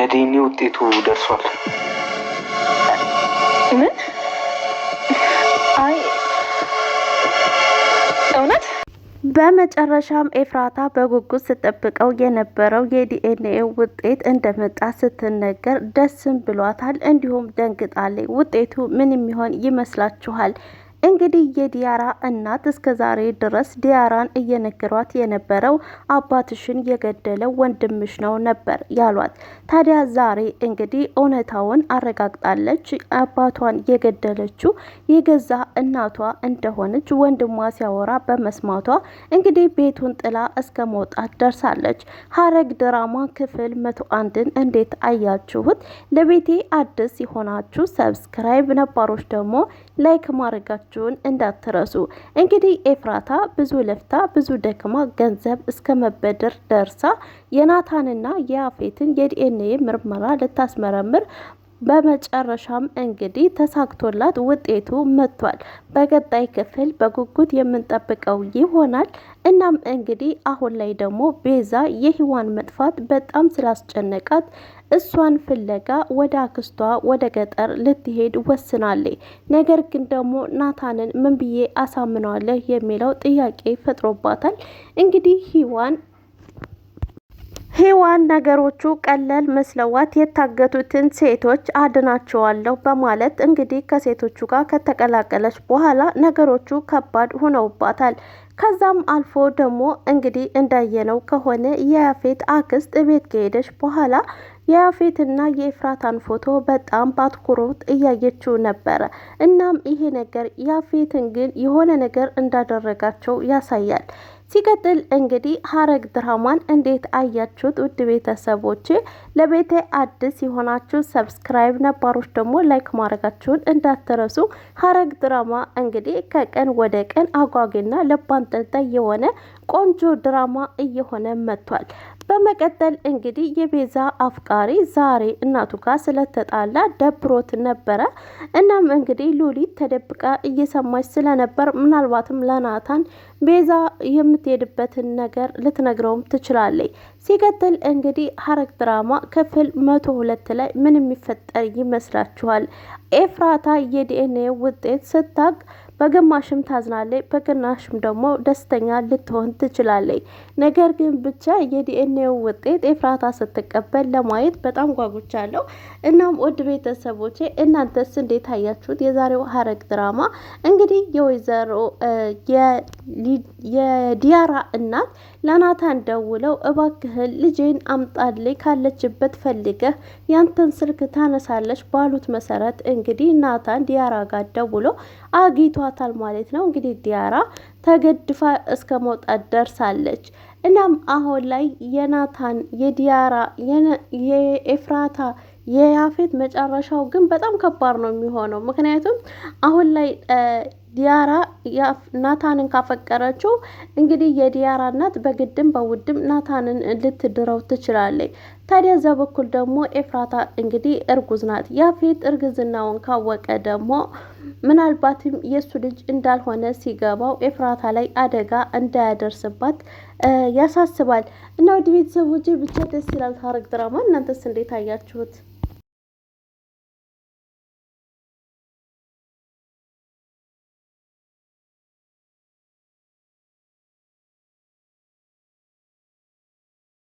የዲኒ ውጤቱ ደርሷል። ምን? አይ እውነት። በመጨረሻም ኤፍራታ በጉጉት ስጠብቀው የነበረው የዲኤንኤ ውጤት እንደመጣ ስትነገር ደስም ብሏታል። እንዲሁም ደንግጣለች። ውጤቱ ምን የሚሆን ይመስላችኋል? እንግዲህ የዲያራ እናት እስከ ዛሬ ድረስ ዲያራን እየነገሯት የነበረው አባትሽን የገደለው ወንድምሽ ነው ነበር ያሏት። ታዲያ ዛሬ እንግዲህ እውነታውን አረጋግጣለች። አባቷን የገደለችው የገዛ እናቷ እንደሆነች ወንድሟ ሲያወራ በመስማቷ እንግዲህ ቤቱን ጥላ እስከ መውጣት ደርሳለች። ሐረግ ድራማ ክፍል መቶ አንድን እንዴት አያችሁት? ለቤቴ አዲስ የሆናችሁ ሰብስክራይብ፣ ነባሮች ደግሞ ላይክ ማድረጋችሁ መላካችሁን እንዳትረሱ። እንግዲህ ኤፍራታ ብዙ ለፍታ ብዙ ደክማ ገንዘብ እስከ መበደር ደርሳ የናታንና የአፌትን የዲኤንኤ ምርመራ ልታስመረምር በመጨረሻም እንግዲህ ተሳክቶላት ውጤቱ መጥቷል። በቀጣይ ክፍል በጉጉት የምንጠብቀው ይሆናል። እናም እንግዲህ አሁን ላይ ደግሞ ቤዛ የህዋን መጥፋት በጣም ስላስጨነቃት እሷን ፍለጋ ወደ አክስቷ ወደ ገጠር ልትሄድ ወስናለች። ነገር ግን ደግሞ ናታንን ምን ብዬ የሚለው ጥያቄ ፈጥሮባታል። እንግዲህ ህዋን ሄዋን ነገሮቹ ቀለል መስለዋት የታገቱትን ሴቶች አድናቸዋለሁ በማለት እንግዲህ ከሴቶቹ ጋር ከተቀላቀለች በኋላ ነገሮቹ ከባድ ሆነውባታል። ከዛም አልፎ ደግሞ እንግዲህ እንዳየነው ከሆነ የያፌት አክስት እቤት ከሄደች በኋላ የያፌትና የኤፍራታን ፎቶ በጣም በአትኩሮት እያየችው ነበረ። እናም ይሄ ነገር ያፌትን ግን የሆነ ነገር እንዳደረጋቸው ያሳያል። ሲቀጥል እንግዲህ ሀረግ ድራማን እንዴት አያችሁት? ውድ ቤተሰቦች ለቤቴ አዲስ የሆናችሁ ሰብስክራይብ፣ ነባሮች ደግሞ ላይክ ማድረጋችሁን እንዳትረሱ። ሀረግ ድራማ እንግዲህ ከቀን ወደ ቀን አጓጊና ልብ አንጠልጣይ የሆነ ቆንጆ ድራማ እየሆነ መጥቷል። በመቀጠል እንግዲህ የቤዛ አፍቃሪ ዛሬ እናቱ ጋር ስለተጣላ ደብሮት ነበረ። እናም እንግዲህ ሉሊት ተደብቃ እየሰማች ስለነበር ምናልባትም ለናታን ቤዛ የምትሄድበትን ነገር ልትነግረውም ትችላለች። ሲቀጥል እንግዲህ ሐረግ ድራማ ክፍል መቶ ሁለት ላይ ምን የሚፈጠር ይመስላችኋል? ኤፍራታ የዲኤንኤ ውጤት ስታቅ በግማሽም ታዝናለች፣ በግማሽም ደግሞ ደስተኛ ልትሆን ትችላለች። ነገር ግን ብቻ የዲኤንኤ ውጤት ኤፍራታ ስትቀበል ለማየት በጣም ጓጉቻለሁ። እናም ውድ ቤተሰቦቼ እናንተስ እንዴት አያችሁት? የዛሬው ሐረግ ድራማ እንግዲህ የወይዘሮ የዲያራ እናት ለናታን ደውለው እባክህን ልጄን አምጣልኝ ካለችበት ፈልገህ ያንተን ስልክ ታነሳለች ባሉት መሰረት እንግዲህ ናታን ዲያራ ጋር ደውሎ አግኝቷታል ማለት ነው። እንግዲህ ዲያራ ተገድፋ እስከ መውጣት ደርሳለች። እናም አሁን ላይ የናታን የዲያራ የኤፍራታ የያፌት መጨረሻው ግን በጣም ከባድ ነው የሚሆነው። ምክንያቱም አሁን ላይ ዲያራ ናታንን ካፈቀረችው እንግዲህ የዲያራ እናት በግድም በውድም ናታንን ልትድረው ትችላለች። ታዲያ እዛ በኩል ደግሞ ኤፍራታ እንግዲህ እርጉዝ ናት። ያፌት እርግዝናውን ካወቀ ደግሞ ምናልባትም የእሱ ልጅ እንዳልሆነ ሲገባው ኤፍራታ ላይ አደጋ እንዳያደርስባት ያሳስባል እና ወደ ቤተሰቦች ብቻ ደስ ይላል ሐረግ ድራማ። እናንተስ እንዴት አያችሁት?